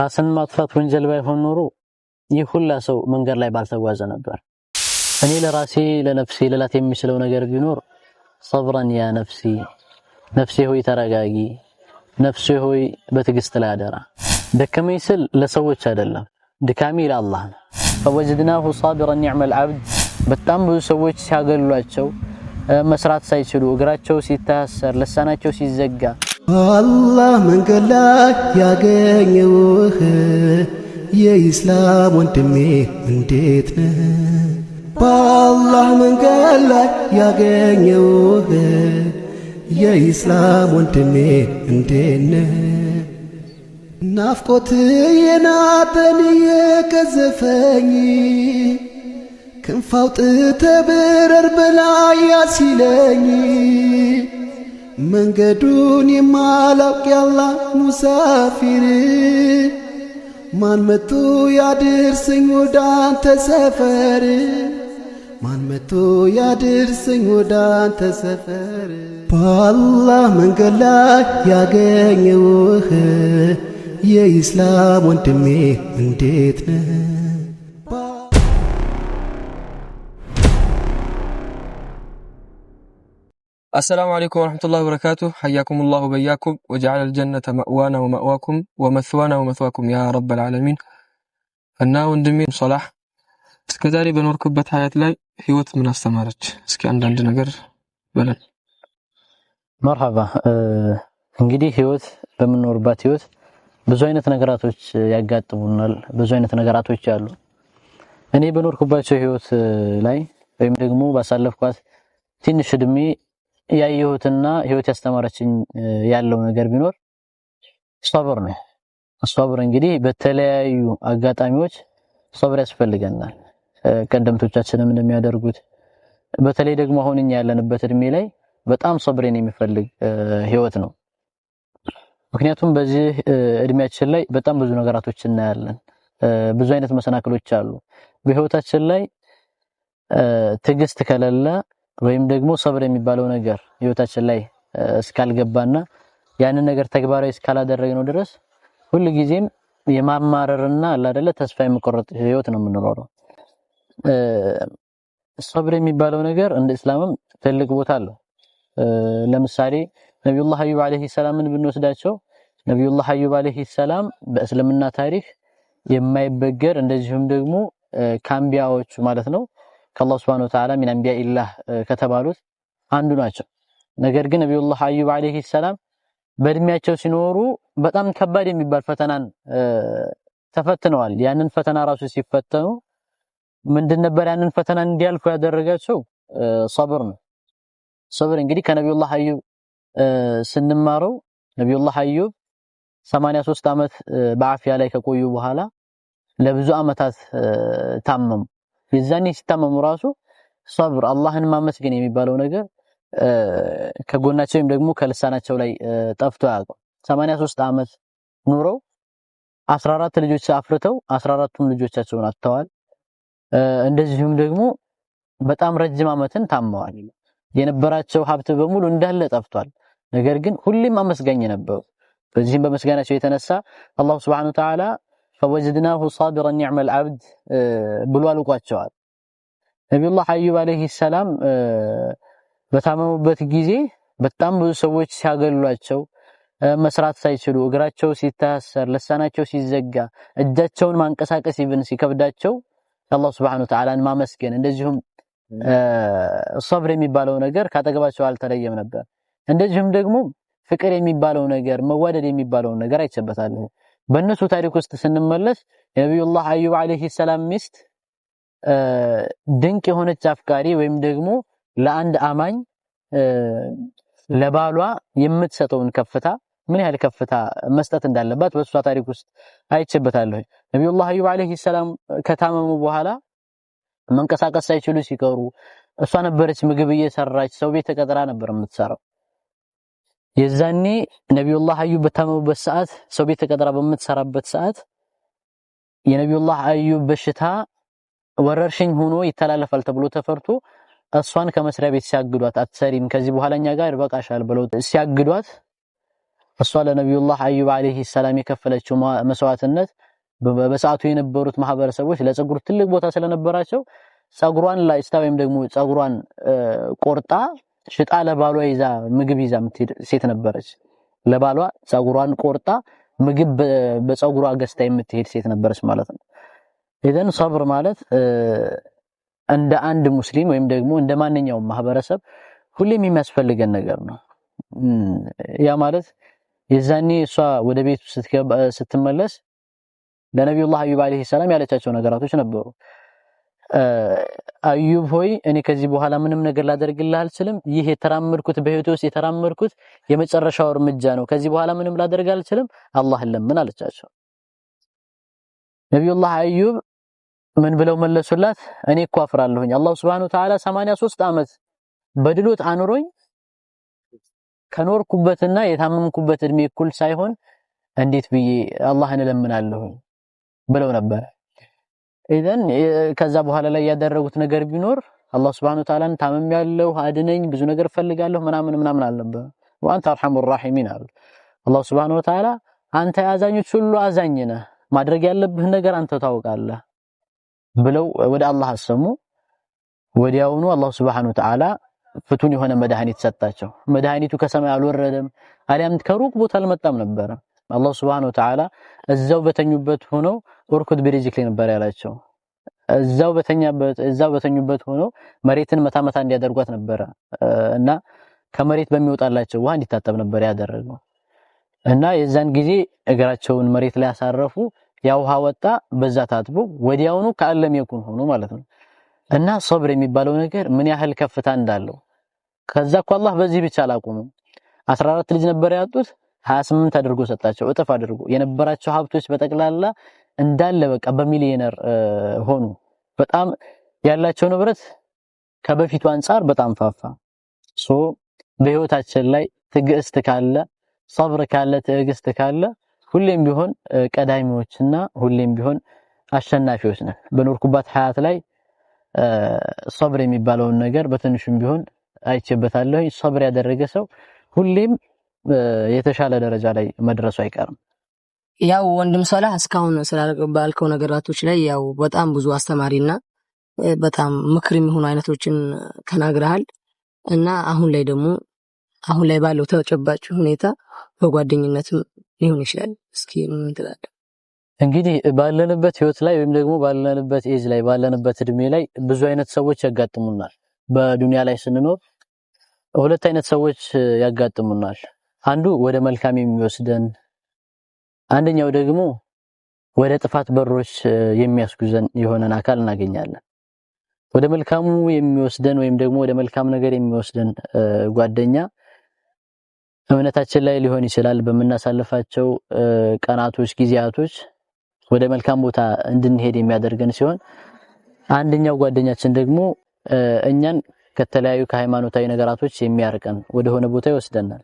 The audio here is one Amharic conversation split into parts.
ራስን ማጥፋት ወንጀል ባይሆን ኖሮ ይህ ሁላ ሰው መንገድ ላይ ባልተጓዘ ነበር። እኔ ለራሴ ለነፍሴ ልላት የሚችለው ነገር ቢኖር ሰብረን ያ ነፍሲ፣ ነፍሴ ሆይ ተረጋጊ፣ ነፍሴ ሆይ በትዕግስት ላይ አደራ። ደከመኝ ስል ለሰዎች አይደለም፣ ድካሜ ለአላህ ነው። ፈወጀድናሁ ሳቢረን ኒዕመል ዓብድ። በጣም ብዙ ሰዎች ሲያገሏቸው መስራት ሳይችሉ እግራቸው ሲታሰር ልሳናቸው ሲዘጋ በአላህ መንገድ ላይ ያገኘውህ የኢስላም ወንድሜ እንዴት ነህ? በአላህ መንገድ ላይ ያገኘውህ የኢስላም ወንድሜ እንዴት ነህ? ናፍቆት የናጠን ክንፋው ክንፋውጥ ተብረር በላያ ሲለኝ መንገዱን የማላውቅ ያላ ሙሳፊር ማን መቶ ያድርሰኝ ወደ አንተ ሰፈር ማን መቶ ያድርሰኝ ወደ አንተ ሰፈር በአላህ መንገድ ላይ ያገኘውህ የኢስላም ወንድሜ እንዴት ነህ? አሰላሙ አለይኩም ወረሕመቱላሂ ወበረካቱ ሐያኩሙላሁ በያኩም ወጀዓለል ጀነተ መእዋና ወመእዋኩም ወመትዋና ወመትዋኩም ያ ረበል ዓለሚን። እና ወንድሜ ሶላህ እስከዛሬ በኖርኩበት ሀያት ላይ ህይወት ምን አስተማረች? እስኪ አንዳንድ ነገር በለን። መርሐባ እንግዲህ ህይወት በምንኖርባት ህይወት ብዙ አይነት ነገራቶች ያጋጥሙናል። ብዙ አይነት ነገራቶች አሉ። እኔ በኖርኩባቸው ህይወት ላይ ወይም ደግሞ ባሳለፍኳት ትንሽ እድሜ ያየሁትና ህይወት ያስተማረችኝ ያለው ነገር ቢኖር ሶብር ነው። ሶብር እንግዲህ በተለያዩ አጋጣሚዎች ሶብር ያስፈልገናል። ቀደምቶቻችንም እንደሚያደርጉት በተለይ ደግሞ አሁን እኛ ያለንበት እድሜ ላይ በጣም ሶብርን የሚፈልግ ህይወት ነው። ምክንያቱም በዚህ እድሜያችን ላይ በጣም ብዙ ነገራቶች እናያለን። ብዙ አይነት መሰናክሎች አሉ በህይወታችን ላይ ትዕግስት ከሌለ ወይም ደግሞ ሰብር የሚባለው ነገር ህይወታችን ላይ እስካልገባና ያንን ነገር ተግባራዊ እስካላደረግነው ድረስ ጊዜም የማማረርና አላደለ ተስፋ የመቆረጥ ህይወት ነው የምንኖረው። ሰብር የሚባለው ነገር እንደ እስላምም ትልቅ ቦታ አለው። ለምሳሌ ነቢዩላህ አዩብ አለይሂ ሰላምን ብንወስዳቸው ነቢዩላህ አዩብ አለይሂ ሰላም በእስልምና ታሪክ የማይበገር እንደዚሁም ደግሞ ካምቢያዎቹ ማለት ነው ከአላሁ ስብሐነሁ ወተዓላ ሚን አንቢያኢላህ ከተባሉት አንዱ ናቸው። ነገር ግን ነቢዩላህ አዩብ ዓለይሂ ሰላም በእድሜያቸው ሲኖሩ በጣም ከባድ የሚባል ፈተናን ተፈትነዋል። ያንን ፈተና ራሱ ሲፈተኑ ምንድን ነበር ያንን ፈተና እንዲያልፉ ያደረጋቸው? ሰብር ነው። ሰብር እንግዲህ ከነቢዩላህ አዩብ ስንማረው ነቢዩላህ አዩብ 83 ዓመት በአፍያ ላይ ከቆዩ በኋላ ለብዙ ዓመታት ታመሙ። የዛኔ ሲታመሙ ራሱ ሰብር አላህን ማመስገን የሚባለው ነገር ከጎናቸው ወይም ደግሞ ከልሳናቸው ላይ ጠፍቶ አያውቅም። 83 ዓመት ኑረው 14 ልጆች አፍርተው 14ቱም ልጆቻቸውን አጥተዋል። እንደዚሁም ደግሞ በጣም ረጅም ዓመትን ታመዋል። የነበራቸው ሀብት በሙሉ እንዳለ ጠፍቷል። ነገር ግን ሁሌም አመስጋኝ ነበሩ። በዚህም በመስጋናቸው የተነሳ አላሁ ሱብሓነሁ ወተዓላ ፈወጀድናሁ ሳቢረን ኒዕመል አብድ ብሎ አልቋቸዋል። ነቢዩላህ አዩብ ዓለይሂ ሰላም በታመሙበት ጊዜ በጣም ብዙ ሰዎች ሲያገሏቸው መስራት ሳይችሉ እግራቸው ሲታሰር፣ ልሳናቸው ሲዘጋ፣ እጃቸውን ማንቀሳቀስ ይብን ሲከብዳቸው አላህ ሱብሓነሁ ወተዓላን ማመስገን እንደዚሁም ሰብር የሚባለው ነገር ካጠገባቸው አልተለየም ነበር። እንደዚሁም ደግሞ ፍቅር የሚባለው ነገር መዋደድ የሚባለው ነገር አይቸበታለሁ በእነሱ ታሪክ ውስጥ ስንመለስ የነቢዩላህ አዩብ አለይሂ ሰላም ሚስት ድንቅ የሆነች አፍቃሪ ወይም ደግሞ ለአንድ አማኝ ለባሏ የምትሰጠውን ከፍታ ምን ያህል ከፍታ መስጠት እንዳለባት በእሷ ታሪክ ውስጥ አይቼበታለሁ። ነቢዩላህ አዩብ አለይሂ ሰላም ከታመሙ በኋላ መንቀሳቀስ ሳይችሉ ሲቀሩ እሷ ነበረች ምግብ እየሰራች ሰው ቤት ተቀጥራ ነበር የምትሰራው። የዛኔ ነቢዩላህ አዩብ በታመሙበት ሰዓት ሰው ቤት ተቀጥራ በምትሰራበት ሰዓት የነቢዩላህ አዩብ በሽታ ወረርሽኝ ሆኖ ይተላለፋል ተብሎ ተፈርቶ እሷን ከመስሪያ ቤት ሲያግዷት፣ አትሰሪም ከዚህ በኋላኛ ጋር ይበቃሻል ብለው ሲያግዷት፣ እሷ ለነቢዩላህ አዩብ አለይሂ ሰላም የከፈለችው መስዋዕትነት በሰዓቱ የነበሩት ማህበረሰቦች ለፀጉር ትልቅ ቦታ ስለነበራቸው ፀጉሯን ላይ ወይም ደግሞ ፀጉሯን ቆርጣ ሽጣ ለባሏ ይዛ ምግብ ይዛ የምትሄድ ሴት ነበረች። ለባሏ ፀጉሯን ቆርጣ ምግብ በፀጉሯ ገዝታ የምትሄድ ሴት ነበረች ማለት ነው። ኢዘን ሰብር ማለት እንደ አንድ ሙስሊም ወይም ደግሞ እንደ ማንኛውም ማህበረሰብ ሁሌም የሚያስፈልገን ነገር ነው። ያ ማለት የዛኔ እሷ ወደ ቤቱ ስትመለስ ለነቢዩላህ አዩብ አለይሂ ሰላም ያለቻቸው ነገራቶች ነበሩ። አዩብ ሆይ እኔ ከዚህ በኋላ ምንም ነገር ላደርግልህ አልችልም። ይህ የተራመድኩት በህይወቴ ውስጥ የተራመድኩት የመጨረሻው እርምጃ ነው። ከዚህ በኋላ ምንም ላደርግ አልችልም፣ አላህን ለምን አለቻቸው። ነቢዩላህ አዩብ ምን ብለው መለሱላት? እኔ እኮ አፍራለሁኝ አላሁ ሱብሓነሁ ወተዓላ 83 ዓመት በድሎት አኑሮኝ ከኖርኩበትና የታመምኩበት እድሜ እኩል ሳይሆን እንዴት ብዬ አላህን እለምናለሁኝ ብለው ነበር። ኢዘን ከዛ በኋላ ላይ ያደረጉት ነገር ቢኖር አላህ ሱብሓነሁ ወተዓላን ታመም ያለው አድነኝ፣ ብዙ ነገር እፈልጋለሁ ምናምን ምናምን አልነበረ። ወአንተ አርሐሙ ራሒሚን አሉ አላህ ሱብሓነሁ ወተዓላ አንተ የአዛኞች ሁሉ አዛኝ ነህ፣ ማድረግ ያለብህ ነገር አንተ ታውቃለህ ብለው ወደ አላህ አሰሙ። ወዲያውኑ አላህ ሱብሓነሁ ወተዓላ ፍቱን የሆነ መድኃኒት ሰጣቸው። መድኃኒቱ ከሰማይ አልወረደም፣ አሊያም ከሩቅ ቦታ አልመጣም ነበር አላሁ ስብሃነ ወተዓላ እዛው በተኙበት ሆነው ኡርኩድ ቢሪጅክ ነበር ያላቸው። እዛው በተኛበት እዛው በተኙበት ሆነው መሬትን መታ መታ እንዲያደርጓት ነበረ እና ከመሬት በሚወጣላቸው ውሃ እንዲታጠብ ነበር ያደረገው እና የዛን ጊዜ እግራቸውን መሬት ላይ አሳረፉ ያ ውሃ ወጣ፣ በዛ ታጥቦ ወዲያውኑ ከአለም የቁን ሆኖ ማለት ነው እና ሶብር የሚባለው ነገር ምን ያህል ከፍታ እንዳለው ከዛ እኮ አላህ በዚህ ብቻ አላቆመም። 14 ልጅ ነበር ያጡት 28 አድርጎ ሰጣቸው፣ እጥፍ አድርጎ የነበራቸው ሀብቶች በጠቅላላ እንዳለ በቃ በሚሊዮነር ሆኑ። በጣም ያላቸው ንብረት ከበፊቱ አንጻር በጣም ፋፋ። ሶ በህይወታችን ላይ ትዕግስት ካለ ሰብር ካለ ትዕግስት ካለ ሁሌም ቢሆን ቀዳሚዎችና ሁሌም ቢሆን አሸናፊዎች ነን። በኖርኩባት ሀያት ላይ ሰብር የሚባለውን ነገር በትንሹም ቢሆን አይቼበታለሁ። ሰብር ያደረገ ሰው ሁሌም የተሻለ ደረጃ ላይ መድረሱ አይቀርም። ያው ወንድም ሰላህ እስካሁን ስላልባልከው ነገራቶች ላይ ያው በጣም ብዙ አስተማሪና በጣም ምክር የሚሆኑ አይነቶችን ተናግረሃል እና አሁን ላይ ደግሞ አሁን ላይ ባለው ተጨባጭ ሁኔታ በጓደኝነትም ሊሆን ይችላል። እስኪ ምን ትላለህ? እንግዲህ ባለንበት ህይወት ላይ ወይም ደግሞ ባለንበት ኤጅ ላይ ባለንበት እድሜ ላይ ብዙ አይነት ሰዎች ያጋጥሙናል። በዱንያ ላይ ስንኖር ሁለት አይነት ሰዎች ያጋጥሙናል። አንዱ ወደ መልካም የሚወስደን አንደኛው ደግሞ ወደ ጥፋት በሮች የሚያስጉዘን የሆነን አካል እናገኛለን። ወደ መልካሙ የሚወስደን ወይም ደግሞ ወደ መልካም ነገር የሚወስደን ጓደኛ እምነታችን ላይ ሊሆን ይችላል። በምናሳልፋቸው ቀናቶች፣ ጊዜያቶች ወደ መልካም ቦታ እንድንሄድ የሚያደርገን ሲሆን አንደኛው ጓደኛችን ደግሞ እኛን ከተለያዩ ከሃይማኖታዊ ነገራቶች የሚያርቀን ወደሆነ ቦታ ይወስደናል።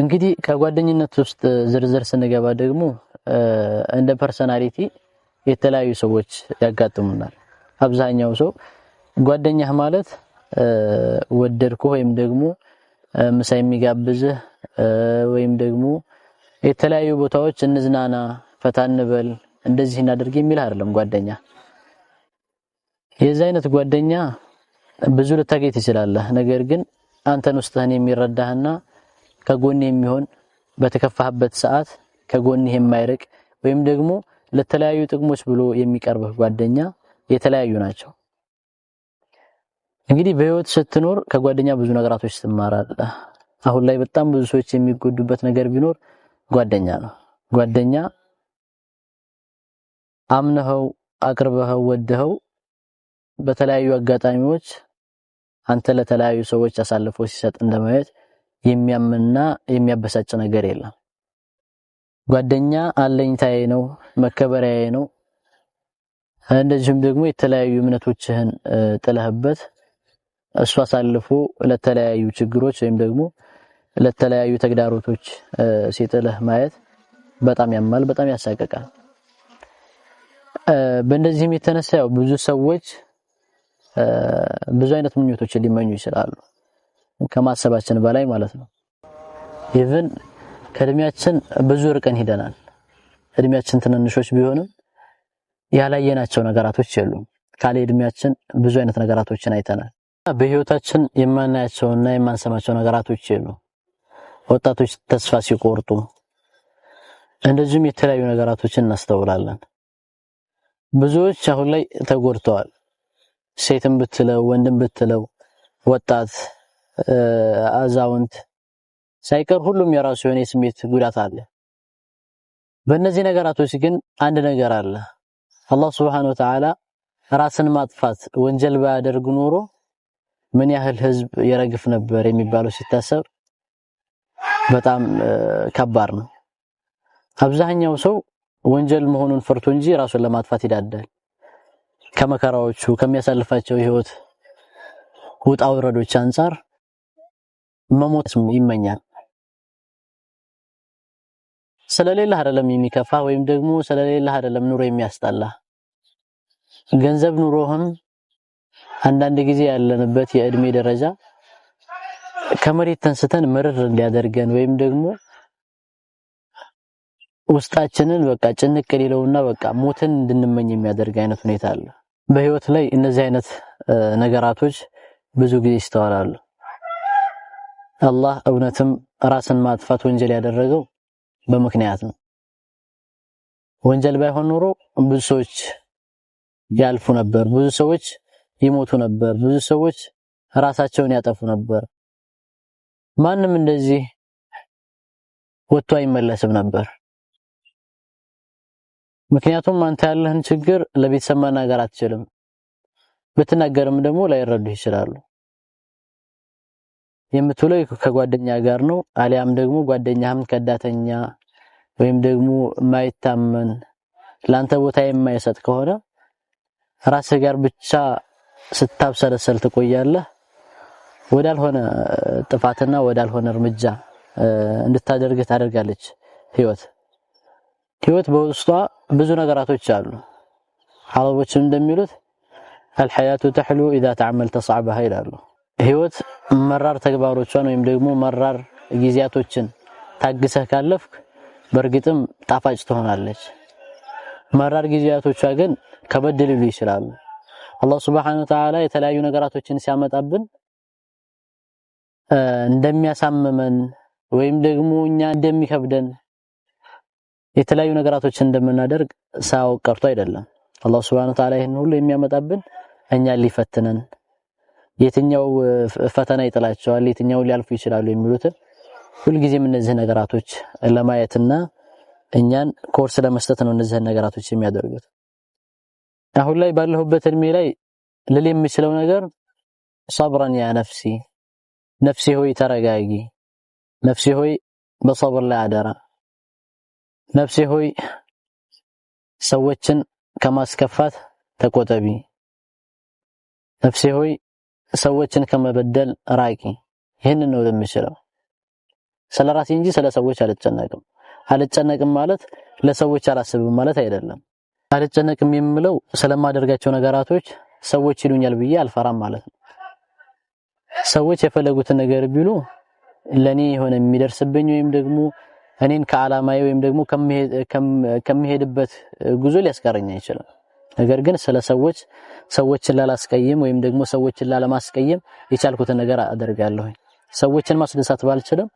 እንግዲህ ከጓደኝነት ውስጥ ዝርዝር ስንገባ ደግሞ እንደ ፐርሰናሊቲ የተለያዩ ሰዎች ያጋጥሙናል። አብዛኛው ሰው ጓደኛህ ማለት ወደድኩ ወይም ደግሞ ምሳ የሚጋብዝህ ወይም ደግሞ የተለያዩ ቦታዎች እንዝናና፣ ፈታ እንበል፣ እንደዚህ እናደርግ የሚል አይደለም። ጓደኛ የዚህ አይነት ጓደኛ ብዙ ልታገኝ ትችላለህ። ነገር ግን አንተን ውስጥህን የሚረዳህና ከጎን የሚሆን በተከፋህበት ሰዓት ከጎንህ የማይርቅ ወይም ደግሞ ለተለያዩ ጥቅሞች ብሎ የሚቀርብህ ጓደኛ የተለያዩ ናቸው። እንግዲህ በህይወት ስትኖር ከጓደኛ ብዙ ነገራቶች ትማራለህ። አሁን ላይ በጣም ብዙ ሰዎች የሚጎዱበት ነገር ቢኖር ጓደኛ ነው። ጓደኛ አምነኸው፣ አቅርበኸው፣ ወደኸው በተለያዩ አጋጣሚዎች አንተ ለተለያዩ ሰዎች አሳልፎ ሲሰጥ እንደማየት የሚያምና የሚያበሳጭ ነገር የለም። ጓደኛ አለኝታዬ ነው፣ መከበሪያዬ ነው። እንደዚሁም ደግሞ የተለያዩ እምነቶችህን ጥለህበት እሱ አሳልፎ ለተለያዩ ችግሮች ወይም ደግሞ ለተለያዩ ተግዳሮቶች ሲጥልህ ማየት በጣም ያማል፣ በጣም ያሳቀቃል። በእንደዚህም የተነሳ ያው ብዙ ሰዎች ብዙ አይነት ምኞቶችን ሊመኙ ይችላሉ። ከማሰባችን በላይ ማለት ነው። ኢቭን ከእድሜያችን ብዙ ርቀን ሂደናል። እድሜያችን ትንንሾች ቢሆንም ያላየናቸው ነገራቶች የሉም። ካለ እድሜያችን ብዙ አይነት ነገራቶችን አይተናል። በህይወታችን የማናያቸውና የማንሰማቸው ነገራቶች የሉ ወጣቶች ተስፋ ሲቆርጡ እንደዚሁም የተለያዩ ነገራቶችን እናስተውላለን። ብዙዎች አሁን ላይ ተጎድተዋል። ሴትም ብትለው ወንድም ብትለው ወጣት አዛውንት ሳይቀር ሁሉም የራሱ የሆነ የስሜት ጉዳት አለ። በእነዚህ ነገራቶች ግን አንድ ነገር አለ። አላህ ሱብሓነሁ ወተዓላ ራስን ማጥፋት ወንጀል ባያደርግ ኖሮ ምን ያህል ህዝብ የረግፍ ነበር የሚባለው ሲታሰብ በጣም ከባድ ነው። አብዛኛው ሰው ወንጀል መሆኑን ፈርቶ እንጂ ራሱን ለማጥፋት ይዳዳል። ከመከራዎቹ ከሚያሳልፋቸው ህይወት ውጣ ውረዶች አንጻር መሞት ይመኛል። ስለሌላ አይደለም የሚከፋ ወይም ደግሞ ስለሌላ አይደለም ኑሮ የሚያስጠላ ገንዘብ ኑሮህም አንዳንድ ጊዜ ያለንበት የእድሜ ደረጃ ከመሬት ተንስተን ምርር እንዲያደርገን ወይም ደግሞ ውስጣችንን በቃ ጭንቅ ሊለውና በቃ ሞትን እንድንመኝ የሚያደርግ አይነት ሁኔታ አለ። በህይወት ላይ እነዚህ አይነት ነገራቶች ብዙ ጊዜ ይስተዋላሉ። አላህ እውነትም ራስን ማጥፋት ወንጀል ያደረገው በምክንያት ነው። ወንጀል ባይሆን ኖሮ ብዙ ሰዎች ያልፉ ነበር፣ ብዙ ሰዎች ይሞቱ ነበር፣ ብዙ ሰዎች ራሳቸውን ያጠፉ ነበር። ማንም እንደዚህ ወጥቶ አይመለስም ነበር። ምክንያቱም አንተ ያለህን ችግር ለቤተሰብ መናገር አትችልም። ብትናገርም ደግሞ ላይረዱ ይችላሉ። የምትውለው ከጓደኛ ጋር ነው። አሊያም ደግሞ ጓደኛህም ከዳተኛ ወይም ደግሞ የማይታመን ላንተ ቦታ የማይሰጥ ከሆነ ራስህ ጋር ብቻ ስታብሰለሰል ትቆያለህ። ወዳልሆነ ጥፋትና ወዳልሆነ እርምጃ እንድታደርግህ ታደርጋለች ህይወት። ህይወት በውስጧ ብዙ ነገራቶች አሉ። ሐረቦችም እንደሚሉት አልሐያቱ ተሕሉ ኢዛ ተዓመልተ ሰዕበሃ ይላሉ። ህይወት መራር ተግባሮቿን ወይም ደግሞ መራር ጊዜያቶችን ታግሰህ ካለፍክ በእርግጥም ጣፋጭ ትሆናለች። መራር ጊዜያቶቿ ግን ከበድ ሊሉ ይችላሉ። አላህ ሱብሓነሁ ወተዓላ የተለያዩ ነገራቶችን ሲያመጣብን እንደሚያሳምመን ወይም ደግሞ እኛ እንደሚከብደን የተለያዩ ነገራቶችን እንደምናደርግ ሳያውቅ ቀርቶ አይደለም። አላህ ሱብሓነሁ ወተዓላ ይህን ሁሉ የሚያመጣብን እኛ ሊፈትነን የትኛው ፈተና ይጥላቸዋል፣ የትኛው ሊያልፉ ይችላሉ የሚሉትን ሁልጊዜም እነዚህ ነገራቶች ለማየትና እኛን ኮርስ ለመስጠት ነው እነዚህ ነገራቶች የሚያደርጉት። አሁን ላይ ባለሁበት እድሜ ላይ ልል የምችለው ነገር ሰብረን ያ ነፍሲ ነፍሴ ሆይ ተረጋጊ፣ ነፍሴ ሆይ በሰብር ላይ አደራ፣ ነፍሴ ሆይ ሰዎችን ከማስከፋት ተቆጠቢ፣ ነፍሴ ሆይ ሰዎችን ከመበደል ራቂ። ይህንን ነው የምችለው። ስለ ራሴ እንጂ ስለ ሰዎች አልጨነቅም። አልጨነቅም ማለት ለሰዎች አላስብም ማለት አይደለም። አልጨነቅም የምለው ስለማደርጋቸው ነገራቶች ሰዎች ይሉኛል ብዬ አልፈራም ማለት ነው። ሰዎች የፈለጉትን ነገር ቢሉ ለኔ የሆነ የሚደርስብኝ ወይም ደግሞ እኔን ከዓላማዬ ወይም ደግሞ ከሚሄድበት ጉዞ ሊያስቀረኝ አይችልም። ነገር ግን ስለ ሰዎች ሰዎችን ላላስቀይም ወይም ደግሞ ሰዎችን ላለማስቀየም የቻልኩትን ነገር አደርጋለሁ። ሰዎችን ማስደሳት ባልችልም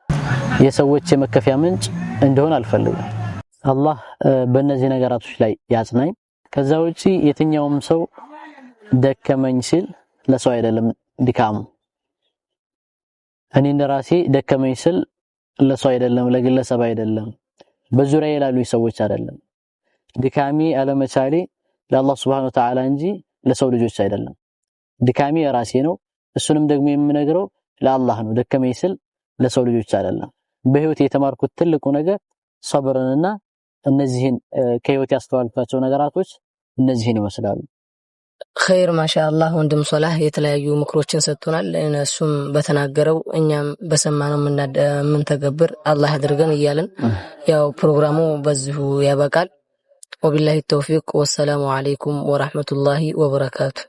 የሰዎች የመከፊያ ምንጭ እንደሆን አልፈልግም። አላህ በእነዚህ ነገራቶች ላይ ያጽናኝ። ከዛ ውጪ የትኛውም ሰው ደከመኝ ሲል ለሰው አይደለም ድካሙ። እኔ እንደራሴ ደከመኝ ስል ለሰው አይደለም፣ ለግለሰብ አይደለም፣ በዙሪያ ላሉ ሰዎች አይደለም ድካሜ አለመቻሌ ለአላህ Subhanahu Ta'ala እንጂ ለሰው ልጆች አይደለም። ድካሜ የራሴ ነው። እሱንም ደግሞ የምነግረው ለአላህ ነው። ደከመኝ ስል ለሰው ልጆች አይደለም። በህይወት የተማርኩት ትልቁ ነገር ሰብርንና እነዚህን ከህይወት ያስተዋልኳቸው ነገራቶች እነዚህን ይመስላሉ። ኸይር ማሻአላህ ወንድም ሶላህ የተለያዩ ምክሮችን ሰጥቶናል። እነሱም በተናገረው እኛም በሰማነው የምንተገብር አላህ አድርገን እያልን ያው ፕሮግራሙ በዚሁ ያበቃል። وبالله التوفيق والسلام عليكم ورحمة الله وبركاته